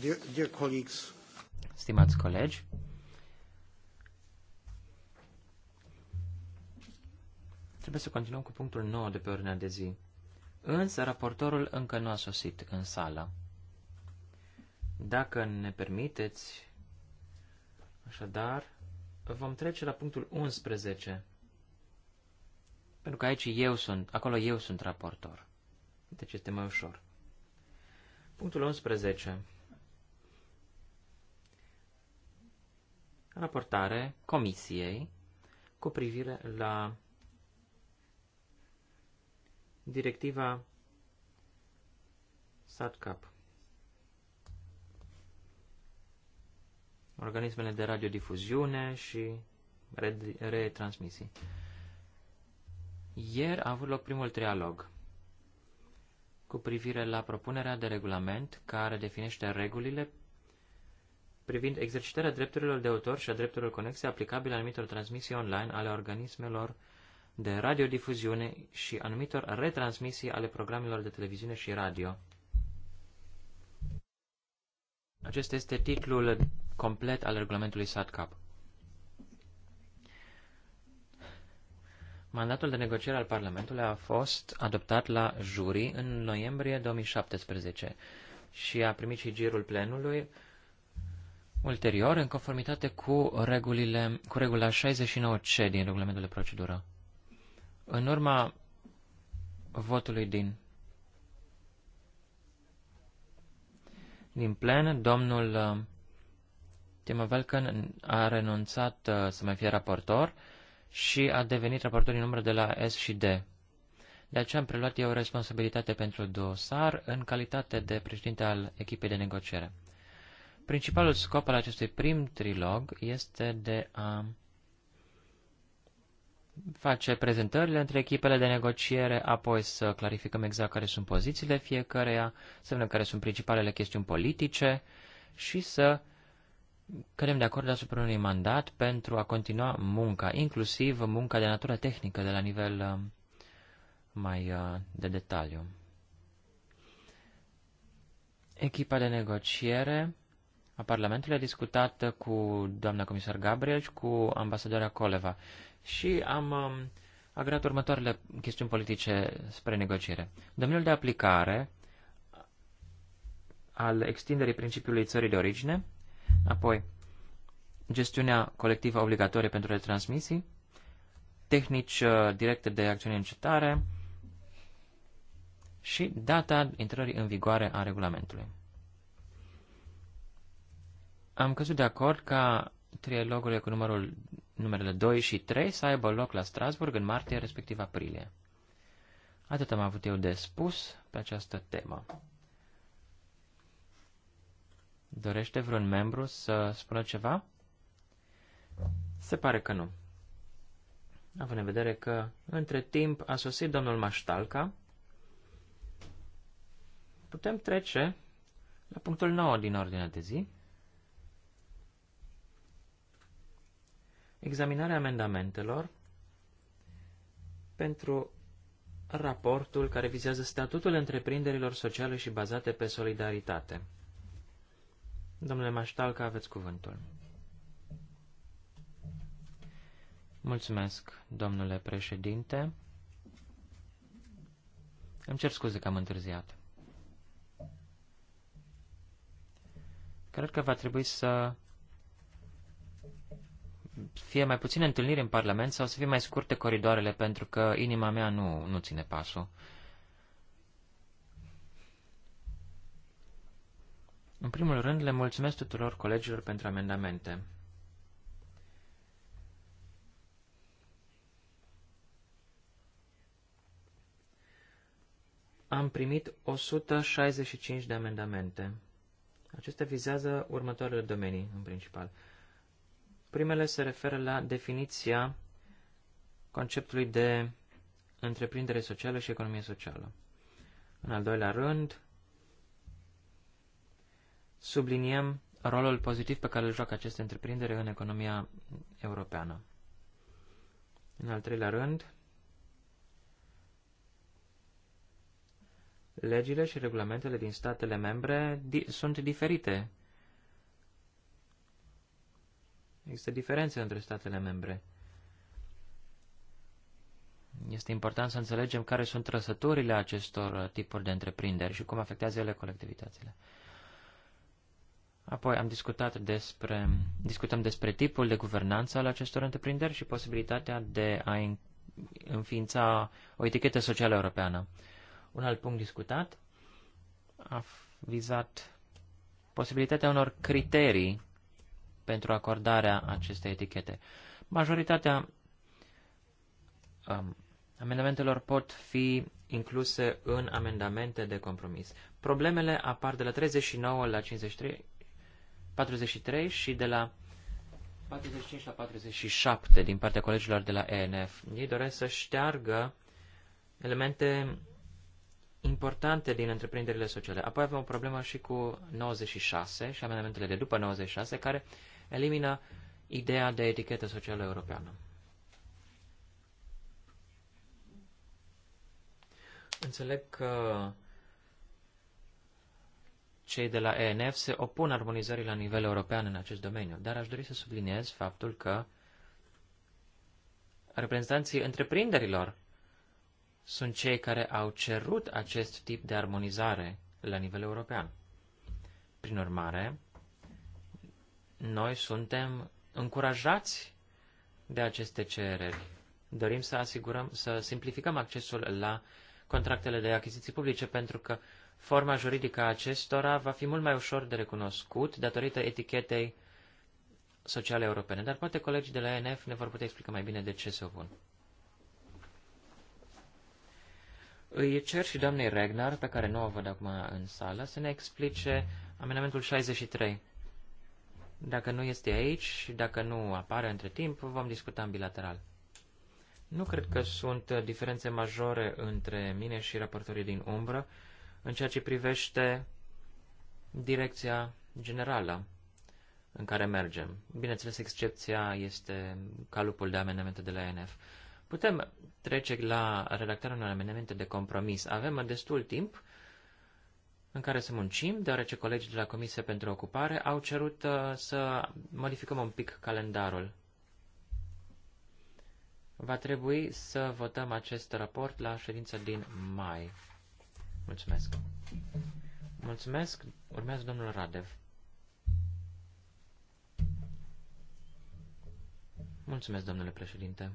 Dear, dear colleagues. Stimați colegi, trebuie să continuăm cu punctul 9 de pe ordinea de zi. Însă raportorul încă nu a sosit în sală. Dacă ne permiteți, așadar, vom trece la punctul 11. Pentru că aici eu sunt, acolo eu sunt raportor. Deci este mai ușor. Punctul 11. Raportare Comisiei cu privire la directiva SATCAP. Organismele de radiodifuziune și retransmisii. Ieri a avut loc primul trialog cu privire la propunerea de regulament care definește regulile privind exercitarea drepturilor de autor și a drepturilor conexe aplicabile anumitor transmisii online ale organismelor de radiodifuziune și anumitor retransmisii ale programelor de televiziune și radio. Acesta este titlul complet al regulamentului SATCAP. Mandatul de negociere al Parlamentului a fost adoptat la juri în noiembrie 2017 și a primit și girul plenului ulterior în conformitate cu, regulile, cu regula 69C din regulamentul de procedură. În urma votului din din plen, domnul uh, Timo a renunțat uh, să mai fie raportor și a devenit raportor din umbră de la S și D. De aceea am preluat eu responsabilitate pentru dosar în calitate de președinte al echipei de negociere. Principalul scop al acestui prim trilog este de a face prezentările între echipele de negociere, apoi să clarificăm exact care sunt pozițiile fiecăreia, să vedem care sunt principalele chestiuni politice și să cădem de acord asupra unui mandat pentru a continua munca, inclusiv munca de natură tehnică de la nivel uh, mai uh, de detaliu. Echipa de negociere a Parlamentului a discutat cu doamna comisar Gabriel și cu ambasadoarea Coleva și am um, agreat următoarele chestiuni politice spre negociere. Domeniul de aplicare al extinderii principiului țării de origine, Apoi, gestiunea colectivă obligatorie pentru retransmisii, tehnici uh, directe de acțiune încetare și data intrării în vigoare a regulamentului. Am căzut de acord ca trilogurile cu numărul, numerele 2 și 3 să aibă loc la Strasburg în martie, respectiv aprilie. Atât am avut eu de spus pe această temă. Dorește vreun membru să spună ceva? Se pare că nu. Având în vedere că între timp a sosit domnul Maștalca, putem trece la punctul 9 din ordinea de zi. Examinarea amendamentelor pentru raportul care vizează statutul întreprinderilor sociale și bazate pe solidaritate. Domnule Maștalca, aveți cuvântul. Mulțumesc, domnule președinte. Îmi cer scuze că am întârziat. Cred că va trebui să fie mai puține întâlniri în Parlament sau să fie mai scurte coridoarele, pentru că inima mea nu, nu ține pasul. În primul rând, le mulțumesc tuturor colegilor pentru amendamente. Am primit 165 de amendamente. Acestea vizează următoarele domenii, în principal. Primele se referă la definiția conceptului de întreprindere socială și economie socială. În al doilea rând, subliniem rolul pozitiv pe care îl joacă aceste întreprindere în economia europeană. În al treilea rând, legile și regulamentele din statele membre di sunt diferite. Există diferențe între statele membre. Este important să înțelegem care sunt trăsăturile acestor tipuri de întreprinderi și cum afectează ele colectivitățile. Apoi am discutat despre, discutăm despre tipul de guvernanță al acestor întreprinderi și posibilitatea de a înființa o etichetă socială europeană. Un alt punct discutat a vizat posibilitatea unor criterii pentru acordarea acestei etichete. Majoritatea um, amendamentelor pot fi incluse în amendamente de compromis. Problemele apar de la 39 la 53 43 și de la 45 la 47 din partea colegilor de la ENF. Ei doresc să șteargă elemente importante din întreprinderile sociale. Apoi avem o problemă și cu 96 și amendamentele de după 96 care elimină ideea de etichetă socială europeană. Înțeleg că cei de la ENF se opun armonizării la nivel european în acest domeniu, dar aș dori să subliniez faptul că reprezentanții întreprinderilor sunt cei care au cerut acest tip de armonizare la nivel european. Prin urmare, noi suntem încurajați de aceste cereri. Dorim să asigurăm, să simplificăm accesul la contractele de achiziții publice, pentru că Forma juridică a acestora va fi mult mai ușor de recunoscut datorită etichetei sociale europene, dar poate colegii de la ANF ne vor putea explica mai bine de ce se opun. Îi cer și doamnei Regnar, pe care nu o văd acum în sală, să ne explice amendamentul 63. Dacă nu este aici și dacă nu apare între timp, vom discuta în bilateral. Nu cred că sunt diferențe majore între mine și raportorii din umbră în ceea ce privește direcția generală în care mergem. Bineînțeles, excepția este calupul de amendamente de la NF. Putem trece la redactarea unor amendamente de compromis. Avem destul timp în care să muncim, deoarece colegii de la Comisia pentru Ocupare au cerut uh, să modificăm un pic calendarul. Va trebui să votăm acest raport la ședința din mai. Mulțumesc. Mulțumesc. Urmează domnul Radev. Mulțumesc, domnule președinte.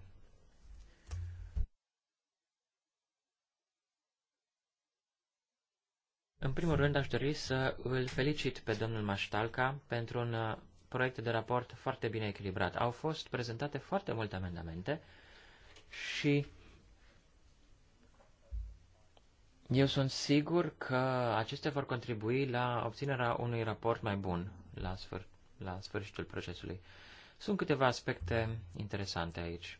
În primul rând, aș dori să îl felicit pe domnul Maștalca pentru un uh, proiect de raport foarte bine echilibrat. Au fost prezentate foarte multe amendamente și Eu sunt sigur că acestea vor contribui la obținerea unui raport mai bun la, sfâr- la sfârșitul procesului. Sunt câteva aspecte interesante aici.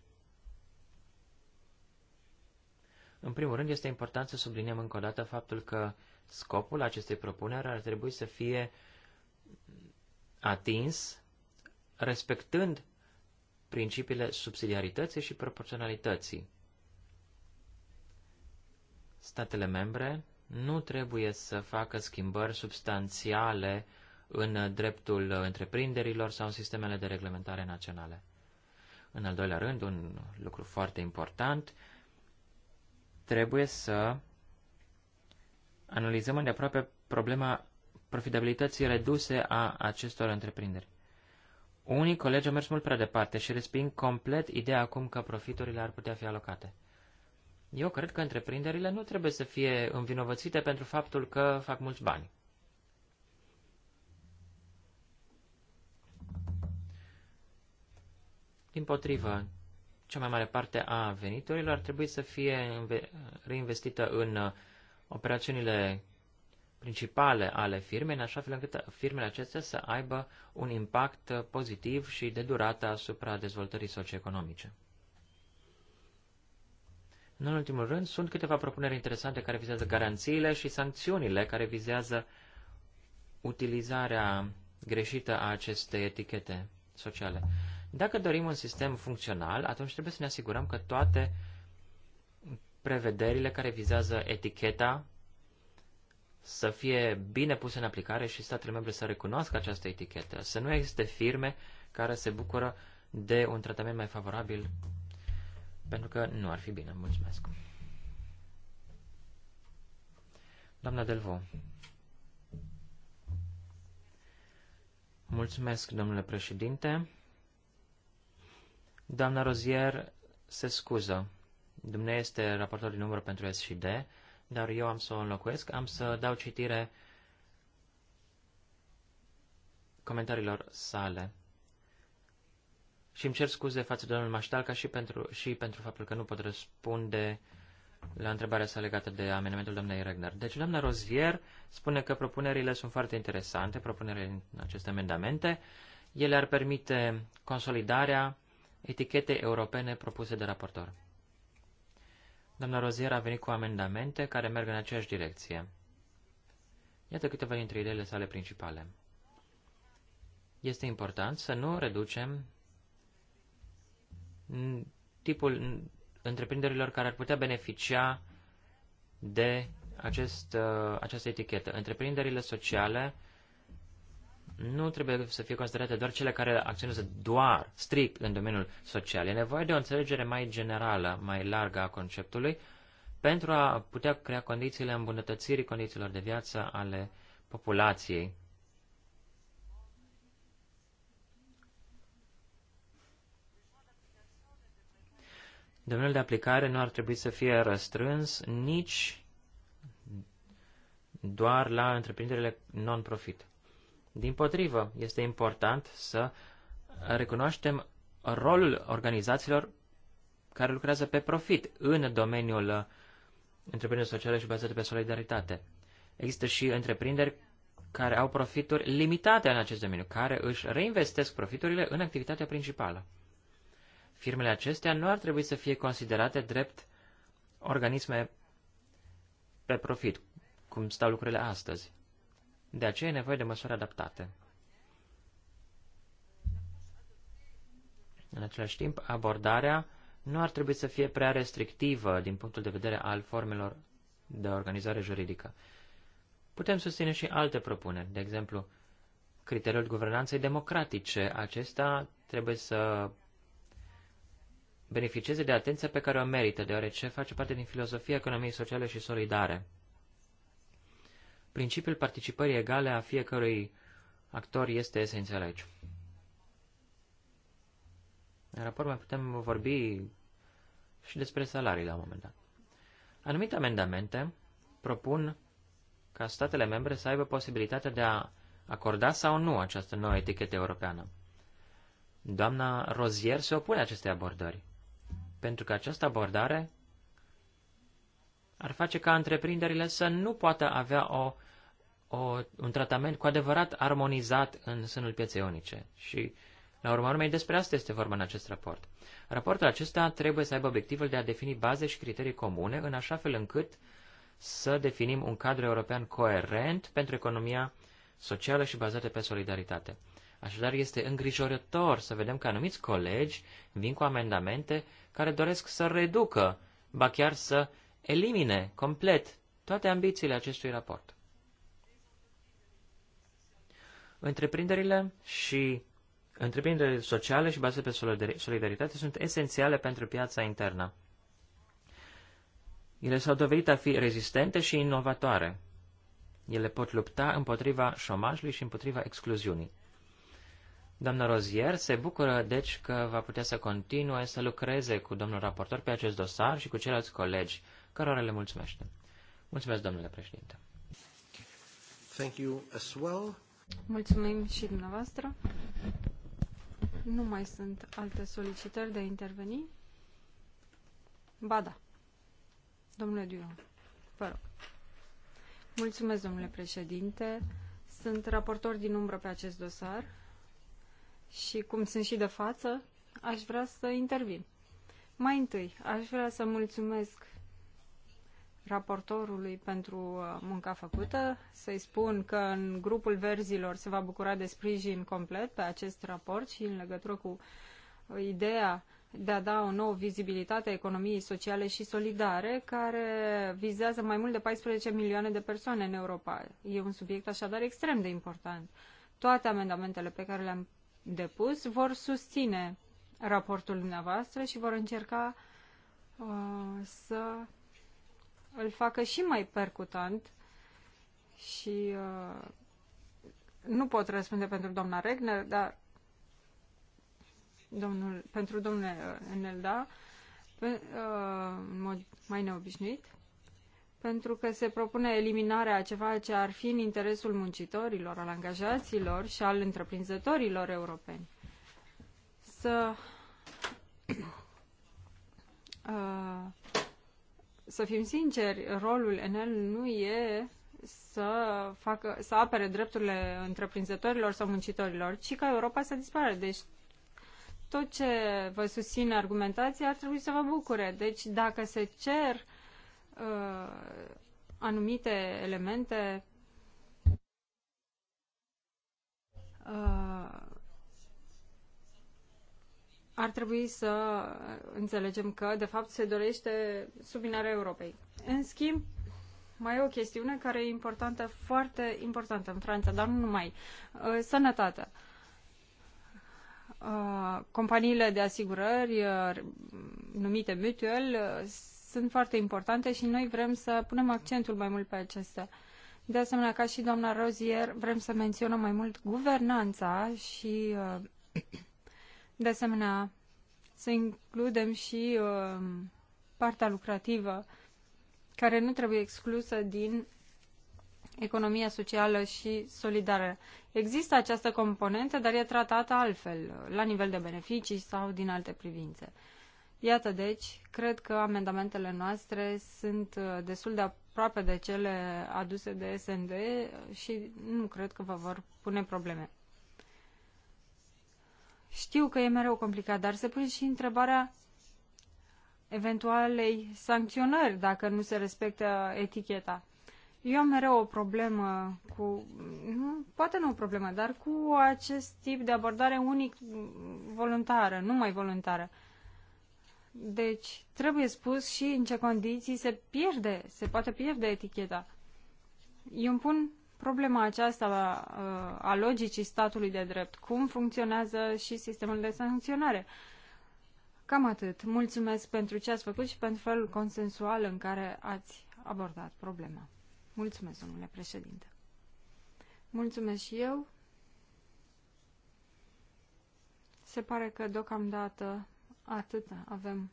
În primul rând, este important să subliniem încă o dată faptul că scopul acestei propuneri ar trebui să fie atins respectând principiile subsidiarității și proporționalității statele membre nu trebuie să facă schimbări substanțiale în dreptul întreprinderilor sau în sistemele de reglementare naționale. În al doilea rând, un lucru foarte important, trebuie să analizăm îndeaproape problema profitabilității reduse a acestor întreprinderi. Unii colegi au mers mult prea departe și resping complet ideea acum că profiturile ar putea fi alocate. Eu cred că întreprinderile nu trebuie să fie învinovățite pentru faptul că fac mulți bani. Din potrivă, cea mai mare parte a veniturilor ar trebui să fie reinvestită în uh, operațiunile principale ale firmei, în așa fel încât firmele acestea să aibă un impact uh, pozitiv și de durată asupra dezvoltării socioeconomice. Nu în ultimul rând, sunt câteva propuneri interesante care vizează garanțiile și sancțiunile care vizează utilizarea greșită a acestei etichete sociale. Dacă dorim un sistem funcțional, atunci trebuie să ne asigurăm că toate prevederile care vizează eticheta să fie bine puse în aplicare și statele membre să recunoască această etichetă, să nu existe firme care se bucură de un tratament mai favorabil pentru că nu ar fi bine. Mulțumesc. Doamna Delvo. Mulțumesc, domnule președinte. Doamna Rozier se scuză. Dumnezeu este raportor din număr pentru S și D, dar eu am să o înlocuiesc. Am să dau citire comentariilor sale. Și îmi cer scuze față de domnul Maștalca și pentru, și pentru faptul că nu pot răspunde la întrebarea sa legată de amendamentul doamnei Regner. Deci, doamna Rozier spune că propunerile sunt foarte interesante, propunerile în aceste amendamente. Ele ar permite consolidarea etichetei europene propuse de raportor. Doamna Rozier a venit cu amendamente care merg în aceeași direcție. Iată câteva dintre ideile sale principale. Este important să nu reducem tipul întreprinderilor care ar putea beneficia de acest, uh, această etichetă. Întreprinderile sociale nu trebuie să fie considerate doar cele care acționează doar, strict, în domeniul social. E nevoie de o înțelegere mai generală, mai largă a conceptului, pentru a putea crea condițiile îmbunătățirii condițiilor de viață ale populației. domeniul de aplicare nu ar trebui să fie răstrâns nici doar la întreprinderile non-profit. Din potrivă, este important să recunoaștem rolul organizațiilor care lucrează pe profit în domeniul întreprinderilor sociale și bazate pe solidaritate. Există și întreprinderi care au profituri limitate în acest domeniu, care își reinvestesc profiturile în activitatea principală. Firmele acestea nu ar trebui să fie considerate drept organisme pe profit, cum stau lucrurile astăzi. De aceea e nevoie de măsuri adaptate. În același timp, abordarea nu ar trebui să fie prea restrictivă din punctul de vedere al formelor de organizare juridică. Putem susține și alte propuneri, de exemplu, criteriul guvernanței democratice. Acesta trebuie să beneficieze de atenția pe care o merită, deoarece face parte din filozofia economiei sociale și solidare. Principiul participării egale a fiecărui actor este esențial aici. În raport mai putem vorbi și despre salarii la un moment dat. Anumite amendamente propun ca statele membre să aibă posibilitatea de a acorda sau nu această nouă etichetă europeană. Doamna Rozier se opune acestei abordări. Pentru că această abordare ar face ca întreprinderile să nu poată avea o, o, un tratament cu adevărat armonizat în sânul pieței unice. Și, la urma urmei, despre asta este vorba în acest raport. Raportul acesta trebuie să aibă obiectivul de a defini baze și criterii comune, în așa fel încât să definim un cadru european coerent pentru economia socială și bazată pe solidaritate. Așadar, este îngrijorător să vedem că anumiți colegi vin cu amendamente care doresc să reducă, ba chiar să elimine complet toate ambițiile acestui raport. Întreprinderile și întreprinderile sociale și bazate pe solidaritate sunt esențiale pentru piața internă. Ele s-au dovedit a fi rezistente și inovatoare. Ele pot lupta împotriva șomajului și împotriva excluziunii. Doamna Rozier se bucură, deci, că va putea să continue să lucreze cu domnul raportor pe acest dosar și cu ceilalți colegi, cărora le mulțumește. Mulțumesc, domnule președinte. Thank you as well. Mulțumim și dumneavoastră. Nu mai sunt alte solicitări de a interveni? Ba da. Domnule Diu, vă rog. Mulțumesc, domnule președinte. Sunt raportor din umbră pe acest dosar și cum sunt și de față, aș vrea să intervin. Mai întâi, aș vrea să mulțumesc raportorului pentru uh, munca făcută, să-i spun că în grupul verzilor se va bucura de sprijin complet pe acest raport și în legătură cu ideea de a da o nouă vizibilitate a economiei sociale și solidare, care vizează mai mult de 14 milioane de persoane în Europa. E un subiect așadar extrem de important. Toate amendamentele pe care le-am depus vor susține raportul dumneavoastră și vor încerca uh, să îl facă și mai percutant și uh, nu pot răspunde pentru doamna Regner, dar domnul, pentru domnul Enelda, uh, în mod mai neobișnuit pentru că se propune eliminarea a ceva ce ar fi în interesul muncitorilor, al angajaților și al întreprinzătorilor europeni. Să, uh, să fim sinceri, rolul Enel nu e să, facă, să apere drepturile întreprinzătorilor sau muncitorilor, ci ca Europa să dispare. Deci tot ce vă susține argumentația ar trebui să vă bucure. Deci dacă se cer Uh, anumite elemente uh, ar trebui să înțelegem că, de fapt, se dorește subminarea Europei. În schimb, mai e o chestiune care e importantă, foarte importantă în Franța, dar nu numai. Uh, sănătatea. Companiile de asigurări numite mutual sunt foarte importante și noi vrem să punem accentul mai mult pe acestea. De asemenea, ca și doamna Rozier, vrem să menționăm mai mult guvernanța și, uh, de asemenea, să includem și uh, partea lucrativă, care nu trebuie exclusă din economia socială și solidară. Există această componentă, dar e tratată altfel, la nivel de beneficii sau din alte privințe. Iată, deci, cred că amendamentele noastre sunt uh, destul de aproape de cele aduse de SND uh, și nu cred că vă vor pune probleme. Știu că e mereu complicat, dar se pune și întrebarea eventualei sancționări dacă nu se respectă eticheta. Eu am mereu o problemă cu, nu, poate nu o problemă, dar cu acest tip de abordare unic voluntară, numai voluntară. Uh, deci, trebuie spus și în ce condiții se pierde, se poate pierde eticheta. Eu îmi pun problema aceasta a, uh, a logicii statului de drept, cum funcționează și sistemul de sancționare. Cam atât. Mulțumesc pentru ce ați făcut și pentru felul consensual în care ați abordat problema. Mulțumesc, domnule președinte. Mulțumesc și eu. Se pare că deocamdată Atât avem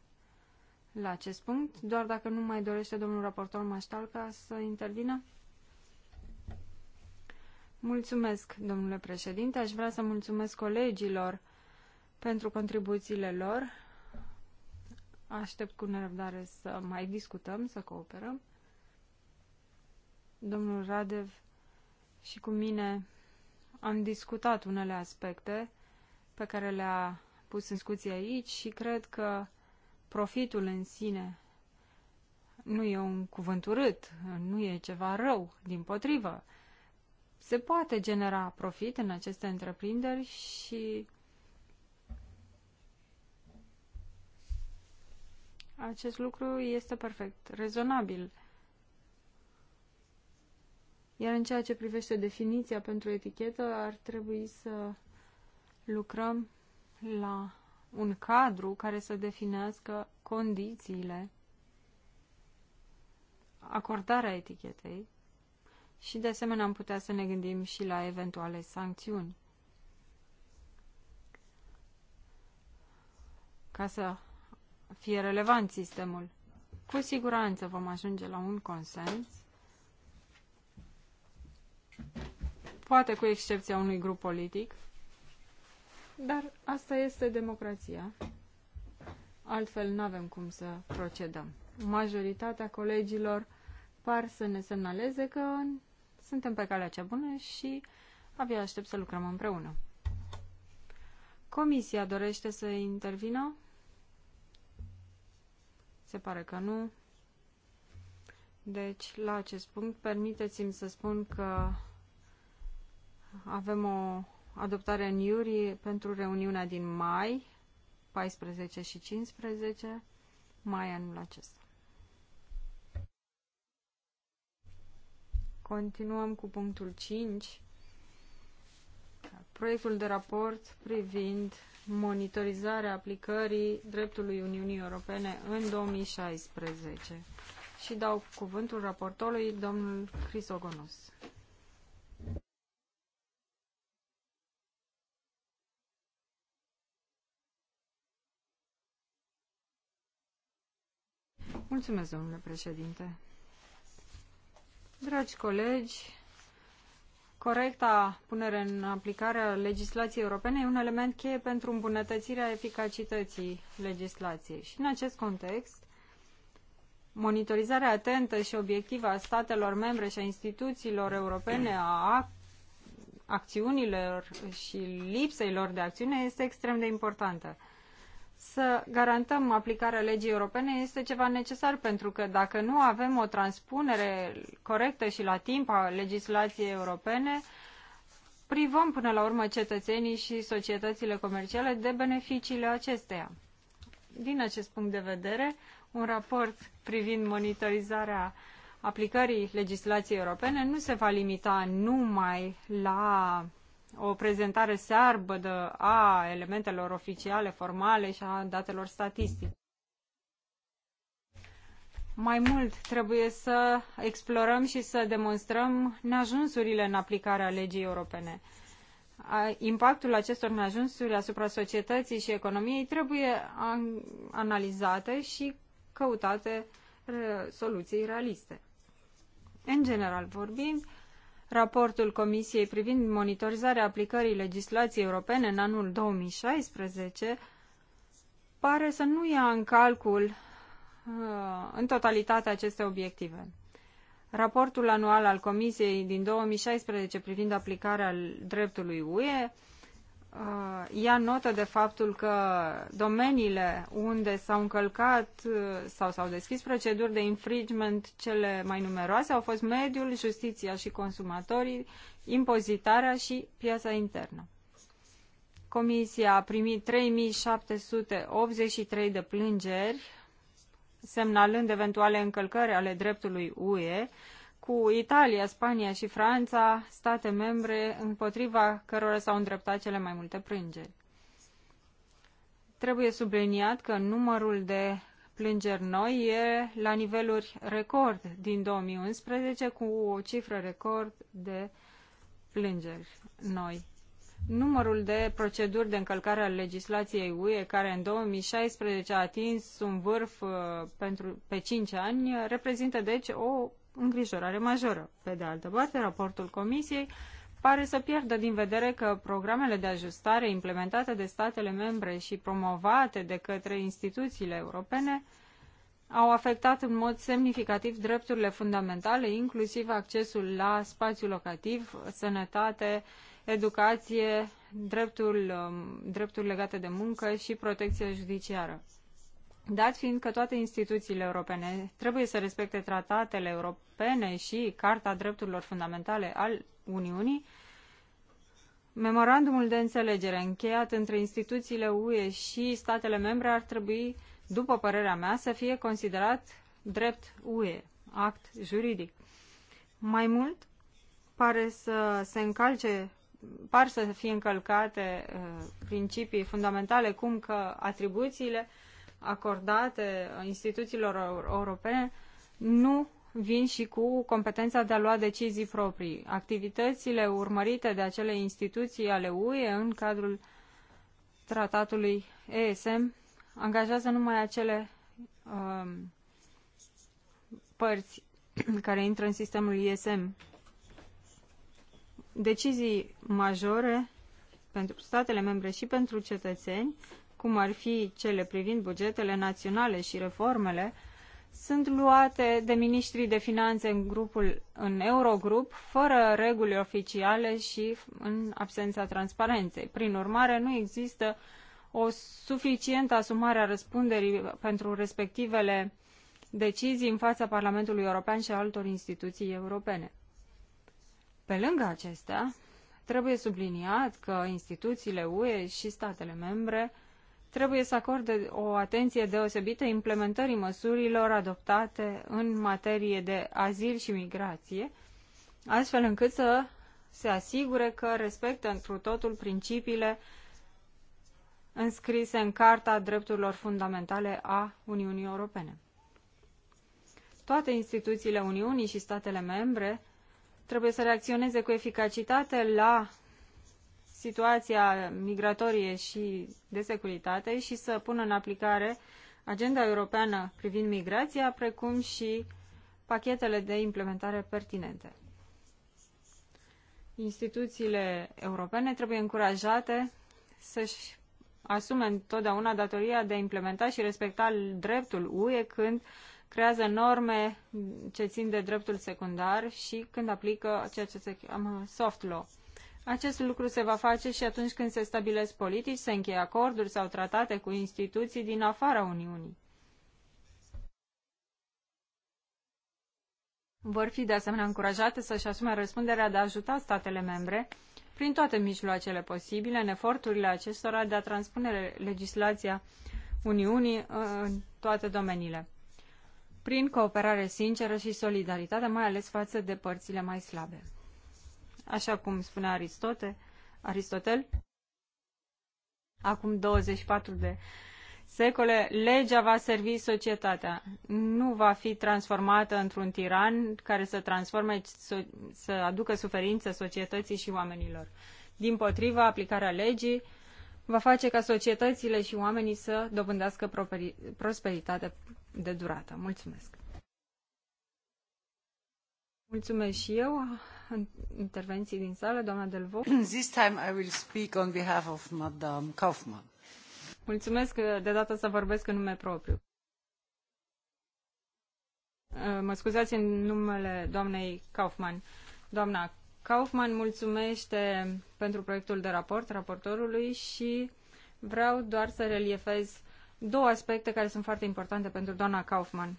la acest punct, doar dacă nu mai dorește domnul raportor Maștalca să intervină. Mulțumesc, domnule președinte. Aș vrea să mulțumesc colegilor pentru contribuțiile lor. Aștept cu nerăbdare să mai discutăm, să cooperăm. Domnul Radev și cu mine am discutat unele aspecte pe care le-a pus în scuție aici și cred că profitul în sine nu e un cuvânt urât, nu e ceva rău, din potrivă. Se poate genera profit în aceste întreprinderi și acest lucru este perfect rezonabil. Iar în ceea ce privește definiția pentru etichetă, ar trebui să lucrăm la un cadru care să definească condițiile, acordarea etichetei și, de asemenea, am putea să ne gândim și la eventuale sancțiuni. Ca să fie relevant sistemul. Cu siguranță vom ajunge la un consens, poate cu excepția unui grup politic, dar asta este democrația. Altfel nu avem cum să procedăm. Majoritatea colegilor par să ne semnaleze că suntem pe calea cea bună și abia aștept să lucrăm împreună. Comisia dorește să intervină? Se pare că nu. Deci, la acest punct, permiteți-mi să spun că avem o adoptarea în iurie pentru reuniunea din mai, 14 și 15, mai anul acesta. Continuăm cu punctul 5, proiectul de raport privind monitorizarea aplicării dreptului Uniunii Europene în 2016 și dau cuvântul raportorului domnul Crisogonos. Mulțumesc, domnule președinte. Dragi colegi, corecta punere în aplicare a legislației europene e un element cheie pentru îmbunătățirea eficacității legislației. Și în acest context, monitorizarea atentă și obiectivă a statelor membre și a instituțiilor europene a acțiunilor și lipsei lor de acțiune este extrem de importantă să garantăm aplicarea legii europene este ceva necesar, pentru că dacă nu avem o transpunere corectă și la timp a legislației europene, privăm până la urmă cetățenii și societățile comerciale de beneficiile acesteia. Din acest punct de vedere, un raport privind monitorizarea aplicării legislației europene nu se va limita numai la o prezentare searbădă a elementelor oficiale, formale și a datelor statistice. Mai mult, trebuie să explorăm și să demonstrăm neajunsurile în aplicarea legii europene. Impactul acestor neajunsuri asupra societății și economiei trebuie analizate și căutate soluții realiste. În general vorbind, raportul Comisiei privind monitorizarea aplicării legislației europene în anul 2016 pare să nu ia în calcul uh, în totalitate aceste obiective. Raportul anual al Comisiei din 2016 privind aplicarea dreptului UE Uh, ia notă de faptul că domeniile unde s-au încălcat uh, sau s-au deschis proceduri de infringement cele mai numeroase au fost mediul, justiția și consumatorii, impozitarea și piața internă. Comisia a primit 3783 de plângeri semnalând eventuale încălcări ale dreptului UE cu Italia, Spania și Franța, state membre împotriva cărora s-au îndreptat cele mai multe plângeri. Trebuie subliniat că numărul de plângeri noi e la niveluri record din 2011 cu o cifră record de plângeri noi. Numărul de proceduri de încălcare a legislației UE, care în 2016 a atins un vârf uh, pentru, pe 5 ani, reprezintă deci o îngrijorare majoră. Pe de altă parte, raportul Comisiei pare să pierdă din vedere că programele de ajustare implementate de statele membre și promovate de către instituțiile europene au afectat în mod semnificativ drepturile fundamentale, inclusiv accesul la spațiu locativ, sănătate, educație, dreptul, um, drepturi legate de muncă și protecția judiciară. Dat fiind că toate instituțiile europene trebuie să respecte tratatele europene și Carta Drepturilor Fundamentale al Uniunii, memorandumul de înțelegere încheiat între instituțiile UE și statele membre ar trebui, după părerea mea, să fie considerat drept UE, act juridic. Mai mult, pare să se încalce par să fie încălcate uh, principii fundamentale, cum că atribuțiile uh, acordate instituțiilor europene nu vin și cu competența de a lua decizii proprii. Activitățile urmărite de acele instituții ale UE în cadrul tratatului ESM angajează numai acele um, părți care intră în sistemul ESM. Decizii majore pentru statele membre și pentru cetățeni cum ar fi cele privind bugetele naționale și reformele, sunt luate de ministrii de finanțe în grupul în Eurogrup, fără reguli oficiale și în absența transparenței. Prin urmare, nu există o suficientă asumare a răspunderii pentru respectivele decizii în fața Parlamentului European și altor instituții europene. Pe lângă acestea, trebuie subliniat că instituțiile UE și statele membre trebuie să acorde o atenție deosebită implementării măsurilor adoptate în materie de azil și migrație, astfel încât să se asigure că respectă întru totul principiile înscrise în Carta Drepturilor Fundamentale a Uniunii Europene. Toate instituțiile Uniunii și statele membre trebuie să reacționeze cu eficacitate la situația migratorie și de securitate și să pună în aplicare agenda europeană privind migrația, precum și pachetele de implementare pertinente. Instituțiile europene trebuie încurajate să-și asume întotdeauna datoria de a implementa și respecta dreptul UE când creează norme ce țin de dreptul secundar și când aplică ceea ce se cheamă soft law. Acest lucru se va face și atunci când se stabilesc politici, se încheie acorduri sau tratate cu instituții din afara Uniunii. Vor fi de asemenea încurajate să-și asume răspunderea de a ajuta statele membre prin toate mijloacele posibile în eforturile acestora de a transpune legislația Uniunii uh, în toate domeniile, prin cooperare sinceră și solidaritate, mai ales față de părțile mai slabe așa cum spunea Aristote, Aristotel, acum 24 de secole, legea va servi societatea. Nu va fi transformată într-un tiran care să transforme, să aducă suferință societății și oamenilor. Din potrivă, aplicarea legii va face ca societățile și oamenii să dobândească prosperitate de durată. Mulțumesc! Mulțumesc și eu intervenții din sală, doamna Delvo. This time I will speak on behalf of Madame Kaufmann. Mulțumesc că de data să vorbesc în nume propriu. Uh, mă scuzați în numele doamnei Kaufmann, Doamna Kaufmann. mulțumește pentru proiectul de raport raportorului și vreau doar să reliefez două aspecte care sunt foarte importante pentru doamna Kaufmann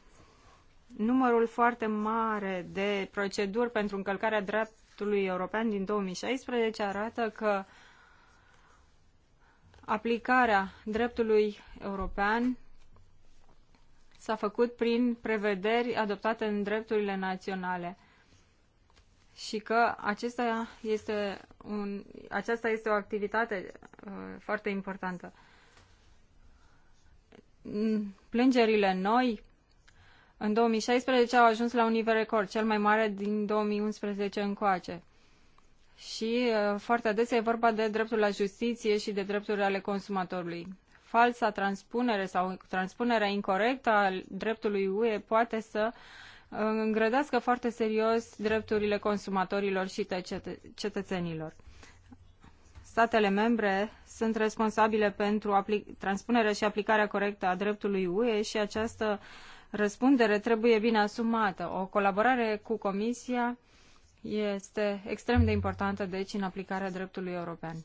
numărul foarte mare de proceduri pentru încălcarea dreptului european din 2016 arată că aplicarea dreptului european s-a făcut prin prevederi adoptate în drepturile naționale și că acesta este un, aceasta este o activitate uh, foarte importantă. Plângerile noi în 2016 au ajuns la un nivel record, cel mai mare din 2011 încoace. Și uh, foarte adesea e vorba de dreptul la justiție și de drepturile ale consumatorului. Falsa transpunere sau transpunerea incorrectă a dreptului UE poate să uh, îngrădească foarte serios drepturile consumatorilor și cetățenilor statele membre sunt responsabile pentru transpunerea și aplicarea corectă a dreptului UE și această răspundere trebuie bine asumată. O colaborare cu Comisia este extrem de importantă, deci, în aplicarea dreptului european.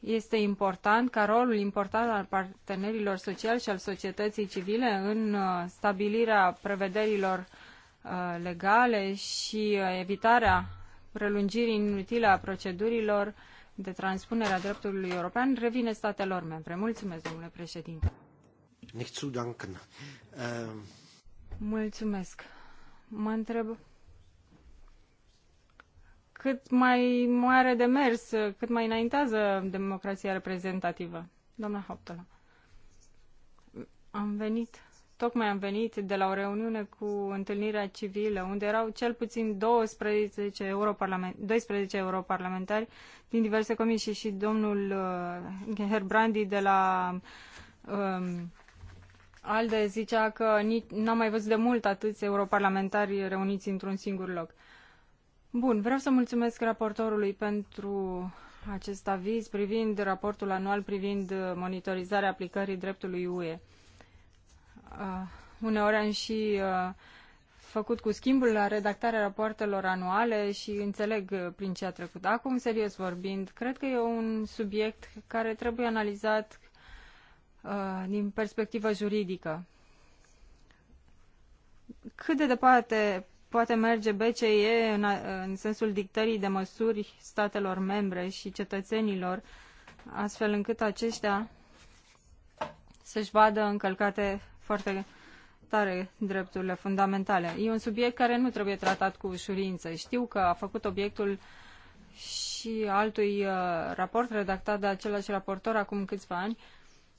Este important ca rolul important al partenerilor sociali și al societății civile în uh, stabilirea prevederilor uh, legale și uh, evitarea prelungirii inutile a procedurilor de transpunere a dreptului european revine statelor membre. Mulțumesc, domnule președinte nicht zu danken. Ehm, Mulțumesc. Mă întreb cât mai mare de mers, cât mai înaintează democrația reprezentativă. Doamna Hauptola. Am venit, tocmai am venit de la o reuniune cu întâlnirea civilă, unde erau cel puțin 12, europarlament, 12 europarlamentari din diverse comisii și domnul Herbrandi uh, de la um, Alde zicea că n-am mai văzut de mult atâți europarlamentari reuniți într-un singur loc. Bun, vreau să mulțumesc raportorului pentru acest aviz privind raportul anual privind monitorizarea aplicării dreptului UE. Uh, uneori am și uh, făcut cu schimbul la redactarea rapoartelor anuale și înțeleg uh, prin ce a trecut. Acum, serios vorbind, cred că e un subiect care trebuie analizat Uh, din perspectivă juridică. Cât de departe poate merge BCE în, în sensul dictării de măsuri statelor membre și cetățenilor, astfel încât aceștia să-și vadă încălcate foarte tare drepturile fundamentale. E un subiect care nu trebuie tratat cu ușurință. Știu că a făcut obiectul și altui uh, raport redactat de același raportor acum câțiva ani,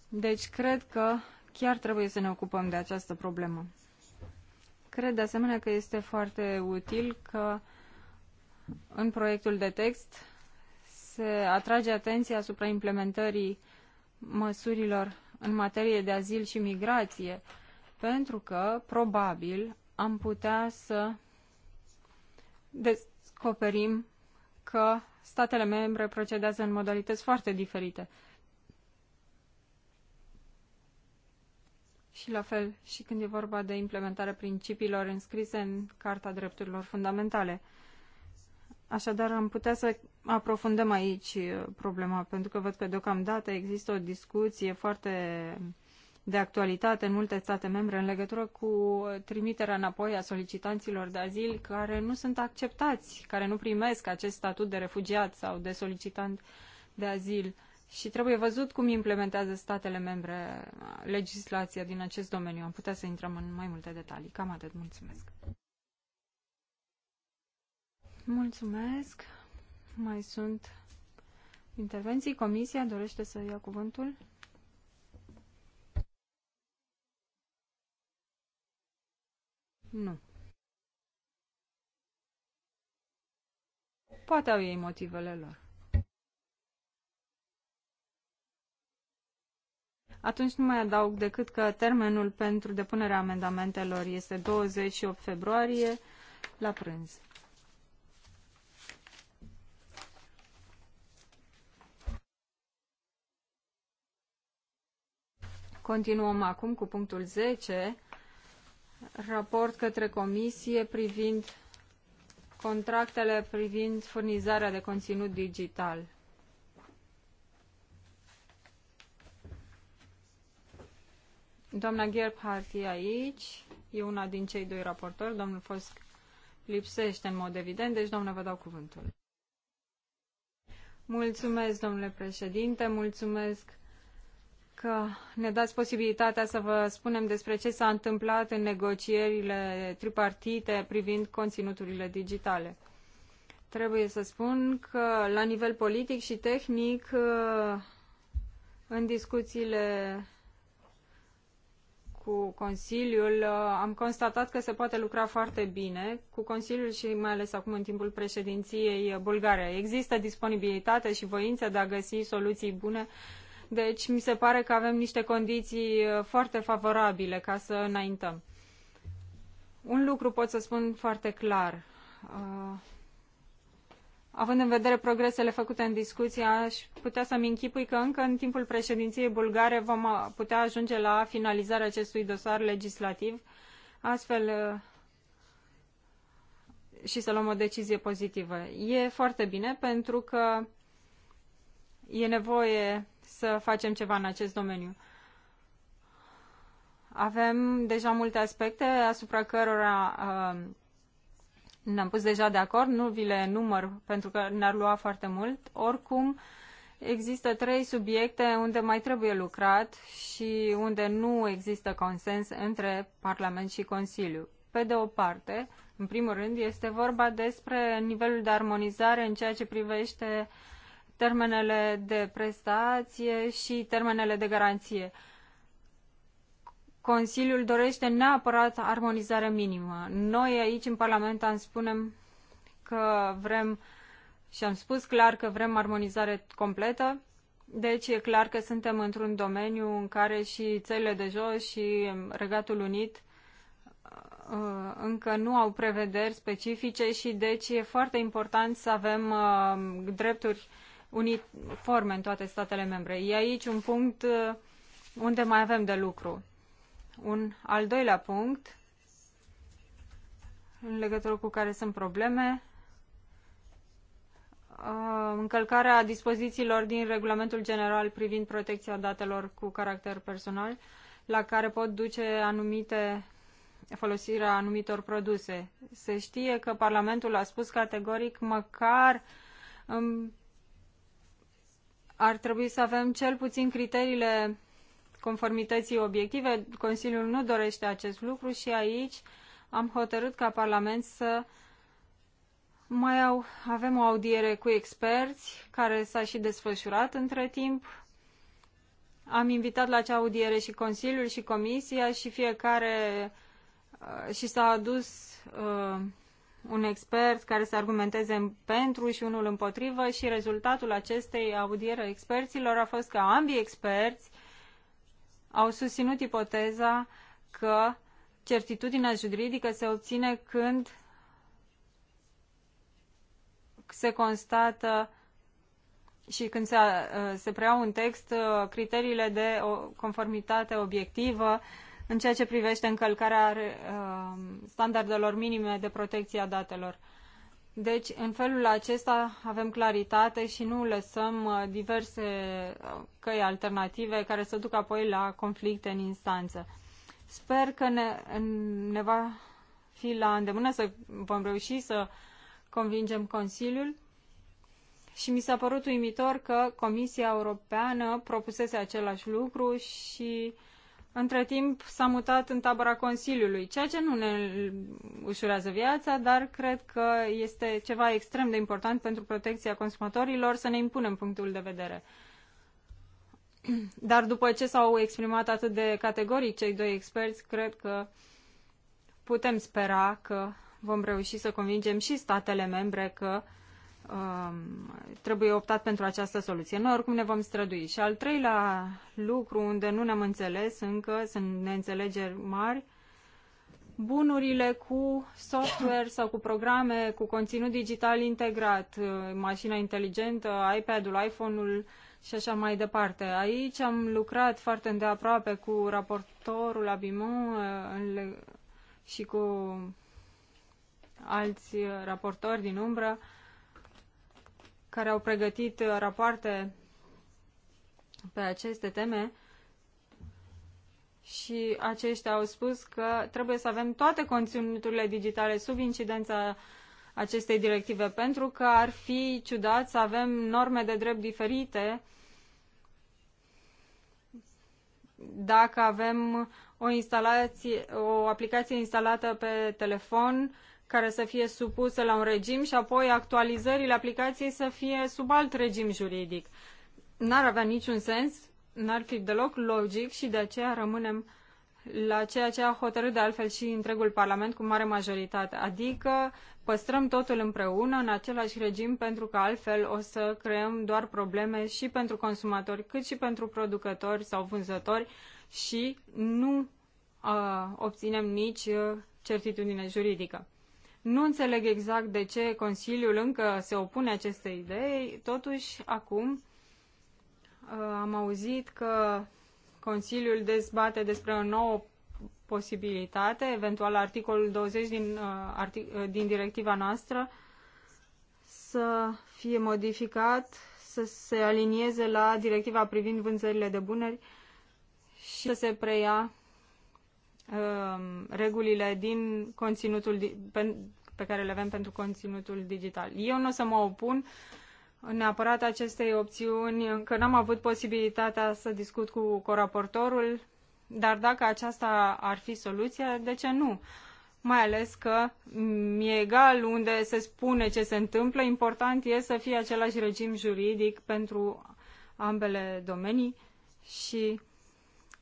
deci cred că chiar trebuie să ne ocupăm de această problemă. Cred de asemenea că este foarte util că în proiectul de text se atrage atenția asupra implementării măsurilor în materie de azil și migrație, pentru că, probabil, am putea să descoperim că statele membre procedează în modalități foarte diferite și la fel și când e vorba de implementarea principiilor înscrise în Carta Drepturilor Fundamentale. Așadar, am putea să aprofundăm aici uh, problema, pentru că văd că deocamdată există o discuție foarte de actualitate în multe state membre în legătură cu trimiterea înapoi a solicitanților de azil care nu sunt acceptați, care nu primesc acest statut de refugiat sau de solicitant de azil și trebuie văzut cum implementează statele membre legislația din acest domeniu. Am putea să intrăm în mai multe detalii. Cam atât. Mulțumesc. Mulțumesc. Mai sunt intervenții. Comisia dorește să ia cuvântul? Nu. Poate au ei motivele lor. Atunci nu mai adaug decât că termenul pentru depunerea amendamentelor este 28 februarie la prânz. Continuăm acum cu punctul 10, raport către comisie privind contractele privind furnizarea de conținut digital. Doamna Gerhardt e aici, e una din cei doi raportori, domnul Fosc lipsește în mod evident, deci doamna vă dau cuvântul. Mulțumesc, domnule președinte, mulțumesc că ne dați posibilitatea să vă spunem despre ce s-a întâmplat în negocierile tripartite privind conținuturile digitale. Trebuie să spun că la nivel politic și tehnic în discuțiile cu Consiliul uh, am constatat că se poate lucra foarte bine cu Consiliul și mai ales acum în timpul președinției bulgare. Există disponibilitate și voință de a găsi soluții bune, deci mi se pare că avem niște condiții uh, foarte favorabile ca să înaintăm. Un lucru pot să spun foarte clar. Uh, având în vedere progresele făcute în discuție, aș putea să-mi închipui că încă în timpul președinției bulgare vom putea ajunge la finalizarea acestui dosar legislativ, astfel eh, și să luăm o decizie pozitivă. E foarte bine pentru că e nevoie să facem ceva în acest domeniu. Avem deja multe aspecte asupra cărora uh, ne-am pus deja de acord, nu vi le număr pentru că ne-ar lua foarte mult. Oricum, există trei subiecte unde mai trebuie lucrat și unde nu există consens între Parlament și Consiliu. Pe de o parte, în primul rând, este vorba despre nivelul de armonizare în ceea ce privește termenele de prestație și termenele de garanție. Uh, Consiliul dorește neapărat armonizarea minimă. Noi aici în Parlament am spunem că vrem și am spus clar că vrem armonizare completă, deci e clar că suntem într-un domeniu în care și țările de jos și Regatul Unit uh, încă nu au prevederi specifice și deci e foarte important să avem uh, drepturi uniforme în toate statele membre. E aici un punct uh, unde mai avem de lucru un al doilea punct în legătură cu care sunt probleme. Uh, încălcarea dispozițiilor din regulamentul general privind protecția datelor cu caracter personal, la care pot duce anumite folosirea anumitor produse. Se știe că Parlamentul a spus categoric măcar um, ar trebui să avem cel puțin criteriile conformității obiective. Consiliul nu dorește acest lucru și aici am hotărât ca Parlament să mai au, avem o audiere cu experți care s-a și desfășurat între timp. Am invitat la acea audiere și Consiliul și Comisia și fiecare uh, și s-a adus uh, un expert care să argumenteze pentru și unul împotrivă și rezultatul acestei audiere experților a fost că ambii experți au susținut ipoteza că certitudinea juridică se obține când se constată și când se, uh, se preia un text uh, criteriile de conformitate obiectivă în ceea ce privește încălcarea uh, standardelor minime de protecție a datelor. Deci, în felul acesta avem claritate și nu lăsăm uh, diverse uh, căi alternative care să ducă apoi la conflicte în instanță. Sper că ne, ne va fi la îndemână să vom reuși să convingem Consiliul și mi s-a părut uimitor că Comisia Europeană propusese același lucru și uh, între timp s-a mutat în tabăra Consiliului, ceea ce nu ne ușurează viața, dar cred că este ceva extrem de important pentru protecția consumatorilor să ne impunem punctul de vedere. Dar după ce s-au exprimat atât de categoric cei doi experți, cred că putem spera că vom reuși să convingem și statele membre că uh, Um, trebuie optat pentru această soluție. Noi oricum ne vom strădui. Și al treilea lucru unde nu ne-am înțeles încă, sunt neînțelegeri mari, bunurile cu software sau cu programe cu conținut digital integrat, uh, mașina inteligentă, iPad-ul, iPhone-ul și așa mai departe. Aici am lucrat foarte îndeaproape cu raportorul Abimon uh, și cu alți uh, raportori din umbră care au pregătit uh, rapoarte pe aceste teme și aceștia au spus că trebuie să avem toate conținuturile digitale sub incidența acestei directive, pentru că ar fi ciudat să avem norme de drept diferite dacă avem o, instalație, o aplicație instalată pe telefon care să fie supusă la un regim și apoi actualizările aplicației să fie sub alt regim juridic. N-ar avea niciun sens, n-ar fi deloc logic și de aceea rămânem la ceea ce a hotărât de altfel și întregul Parlament cu mare majoritate. Adică păstrăm totul împreună în același regim pentru că altfel o să creăm doar probleme și pentru consumatori cât și pentru producători sau vânzători și nu uh, obținem nici uh, certitudine juridică. Nu înțeleg exact de ce Consiliul încă se opune acestei idei, totuși acum uh, am auzit că Consiliul dezbate despre o nouă posibilitate, eventual articolul 20 din, uh, uh, din directiva noastră, să fie modificat, să se alinieze la directiva privind vânzările de bunuri și să se preia regulile din conținutul pe care le avem pentru conținutul digital. Eu nu o să mă opun neapărat acestei opțiuni, încă n-am avut posibilitatea să discut cu coraportorul, dar dacă aceasta ar fi soluția, de ce nu? Mai ales că mi-e egal unde se spune ce se întâmplă, important e să fie același regim juridic pentru ambele domenii și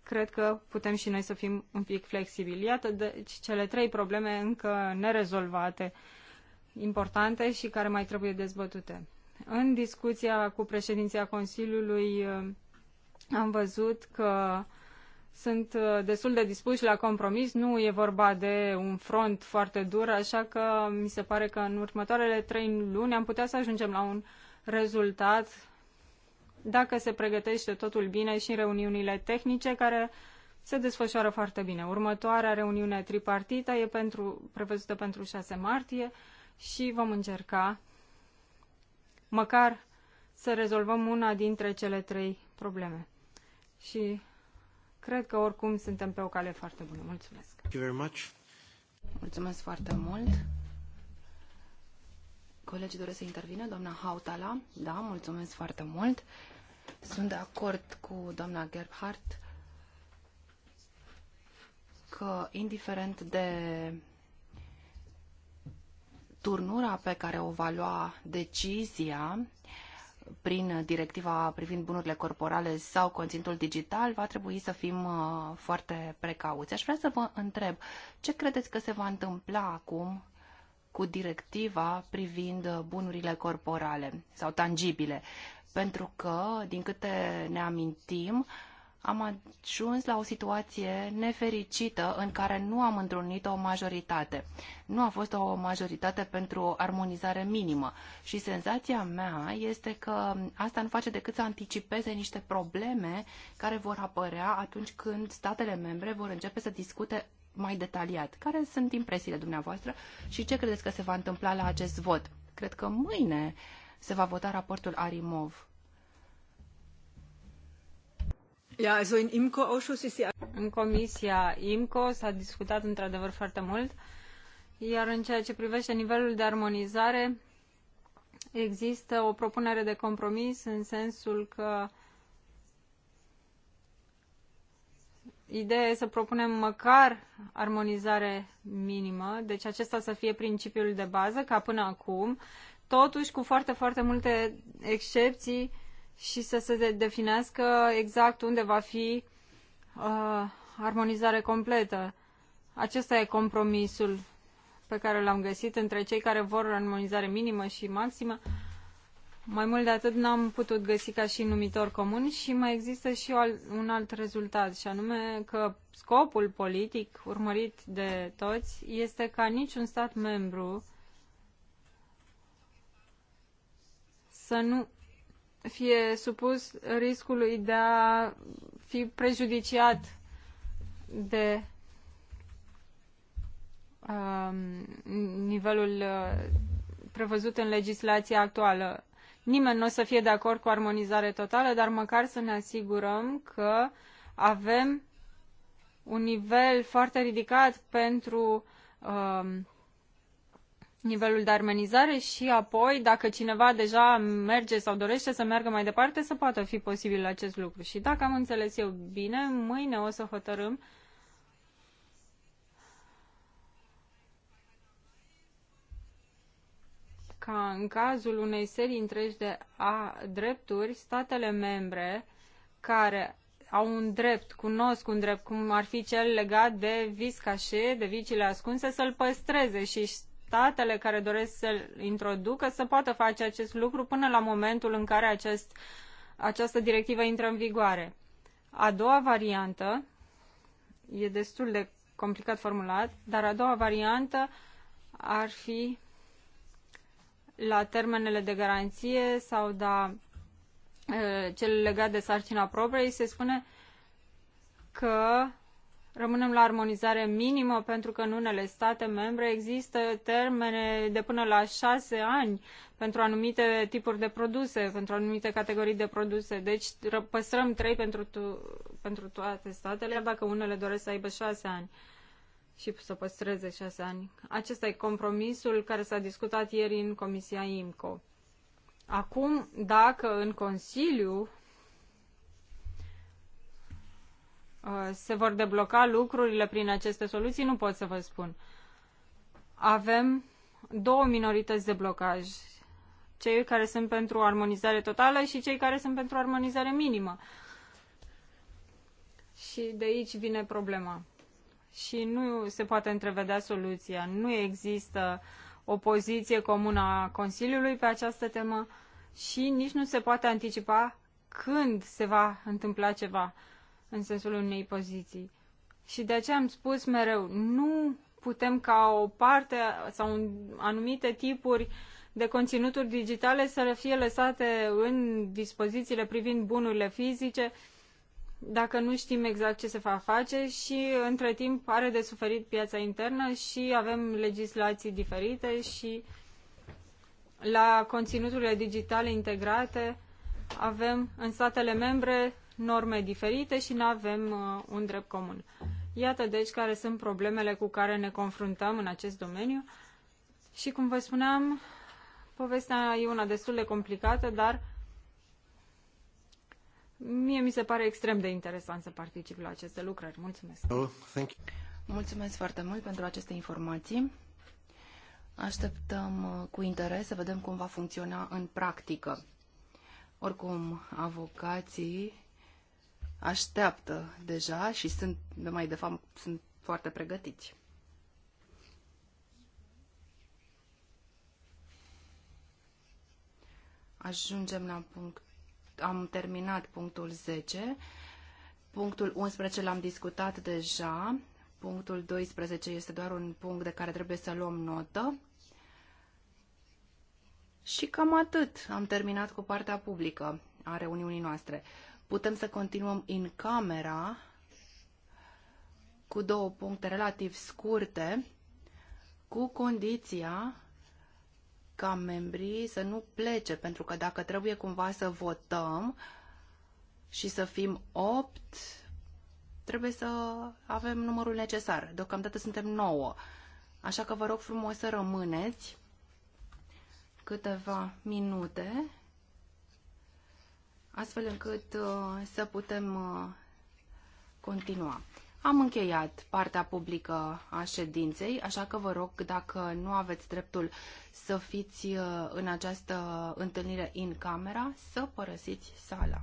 cred că putem și noi să fim un pic flexibili. Iată, deci cele trei probleme încă nerezolvate, importante și care mai trebuie dezbătute. În discuția cu președinția Consiliului eh, am văzut că sunt eh, destul de dispuși la compromis, nu e vorba de un front foarte dur, așa că mi se pare că în următoarele trei luni am putea să ajungem la un rezultat dacă se pregătește totul bine și în reuniunile tehnice care se desfășoară foarte bine. Următoarea reuniune tripartită e pentru, prevăzută pentru 6 martie și vom încerca măcar să rezolvăm una dintre cele trei probleme. Și cred că oricum suntem pe o cale foarte bună. Mulțumesc! Thank you very much. Mulțumesc foarte mult! Colegii doresc să intervină, doamna Hautala. Da, mulțumesc foarte mult! Sunt de acord cu doamna Gerhardt, că, indiferent de turnura pe care o va lua decizia prin directiva privind bunurile corporale sau conținutul digital, va trebui să fim uh, foarte precauți. Aș vrea să vă întreb, ce credeți că se va întâmpla acum cu directiva privind bunurile corporale sau tangibile? Pentru că, din câte ne amintim, am ajuns la o situație nefericită în care nu am întrunit o majoritate. Nu a fost o majoritate pentru o armonizare minimă și senzația mea este că asta nu face decât să anticipeze niște probleme care vor apărea atunci când statele membre vor începe să discute mai detaliat. Care sunt impresiile dumneavoastră și ce credeți că se va întâmpla la acest vot? Cred că mâine uh, se va vota raportul Arimov. În comisia IMCO s-a discutat într-adevăr foarte mult, iar în ceea ce privește nivelul de armonizare, există o propunere de compromis în sensul că ideea e să propunem măcar armonizare minimă, deci acesta să fie principiul de bază, ca până acum, totuși cu foarte, foarte multe excepții și să se definească exact unde va fi uh, armonizare completă. Acesta e compromisul pe care l-am găsit între cei care vor armonizare minimă și maximă. Mai mult de atât n-am putut găsi ca și numitor comun și mai există și un alt rezultat, și anume că scopul politic urmărit de toți este ca niciun stat membru să nu fie supus riscului de a fi prejudiciat de um, nivelul uh, prevăzut în legislația actuală. Nimeni nu o să fie de acord cu armonizare totală, dar măcar să ne asigurăm că avem un nivel foarte ridicat pentru uh, nivelul de armonizare și apoi, dacă cineva deja merge sau dorește să meargă mai departe, să poată fi posibil acest lucru. Și dacă am înțeles eu bine, mâine o să hotărâm ca în cazul unei serii întregi de a drepturi, statele membre care au un drept, cunosc un drept, cum ar fi cel legat de vis cașe, de vicile ascunse, să-l păstreze și statele care doresc să introducă să poată face acest lucru până la momentul în care acest, această directivă intră în vigoare. A doua variantă e destul de complicat formulat, dar a doua variantă ar fi la termenele de garanție sau da cel legat de sarcina proprie, se spune că rămânem la armonizare minimă pentru că în unele state membre există termene de până la șase ani pentru anumite tipuri de produse, pentru anumite categorii de produse. Deci păstrăm trei pentru, tu, pentru toate statele, dacă unele doresc să aibă șase ani și să păstreze șase ani. Acesta e compromisul care s-a discutat ieri în Comisia IMCO. Acum, dacă în Consiliu Uh, se vor debloca lucrurile prin aceste soluții, nu pot să vă spun. Avem două minorități de blocaj. Cei care sunt pentru armonizare totală și cei care sunt pentru armonizare minimă. Și de aici vine problema. Și nu se poate întrevedea soluția. Nu există o poziție comună a Consiliului pe această temă și nici nu se poate anticipa când se va întâmpla ceva în sensul unei poziții. Și de aceea am spus mereu, nu putem ca o parte sau un, anumite tipuri de conținuturi digitale să fie lăsate în dispozițiile privind bunurile fizice dacă nu știm exact ce se va face și între timp are de suferit piața internă și avem legislații diferite și la conținuturile digitale integrate avem în statele membre norme diferite și nu avem uh, un drept comun. Iată deci care sunt problemele cu care ne confruntăm în acest domeniu și cum vă spuneam, povestea e una destul de complicată, dar mie mi se pare extrem de interesant să particip la aceste lucrări. Mulțumesc! Oh, thank you. Mulțumesc foarte mult pentru aceste informații. Așteptăm uh, cu interes să vedem cum va funcționa în practică. Oricum, avocații așteaptă deja și sunt, de mai de fapt, sunt foarte pregătiți. Ajungem la punct. Am terminat punctul 10. Punctul 11 l-am discutat deja. Punctul 12 este doar un punct de care trebuie să luăm notă. Și cam atât. Am terminat cu partea publică a reuniunii noastre. Putem să continuăm în camera cu două puncte relativ scurte, cu condiția ca membrii să nu plece, pentru că dacă trebuie cumva să votăm și să fim opt, trebuie să avem numărul necesar. Deocamdată suntem 9. Așa că vă rog frumos să rămâneți câteva minute astfel încât uh, să putem uh, continua. Am încheiat partea publică a ședinței, așa că vă rog, dacă nu aveți dreptul să fiți uh, în această întâlnire în camera, să părăsiți sala.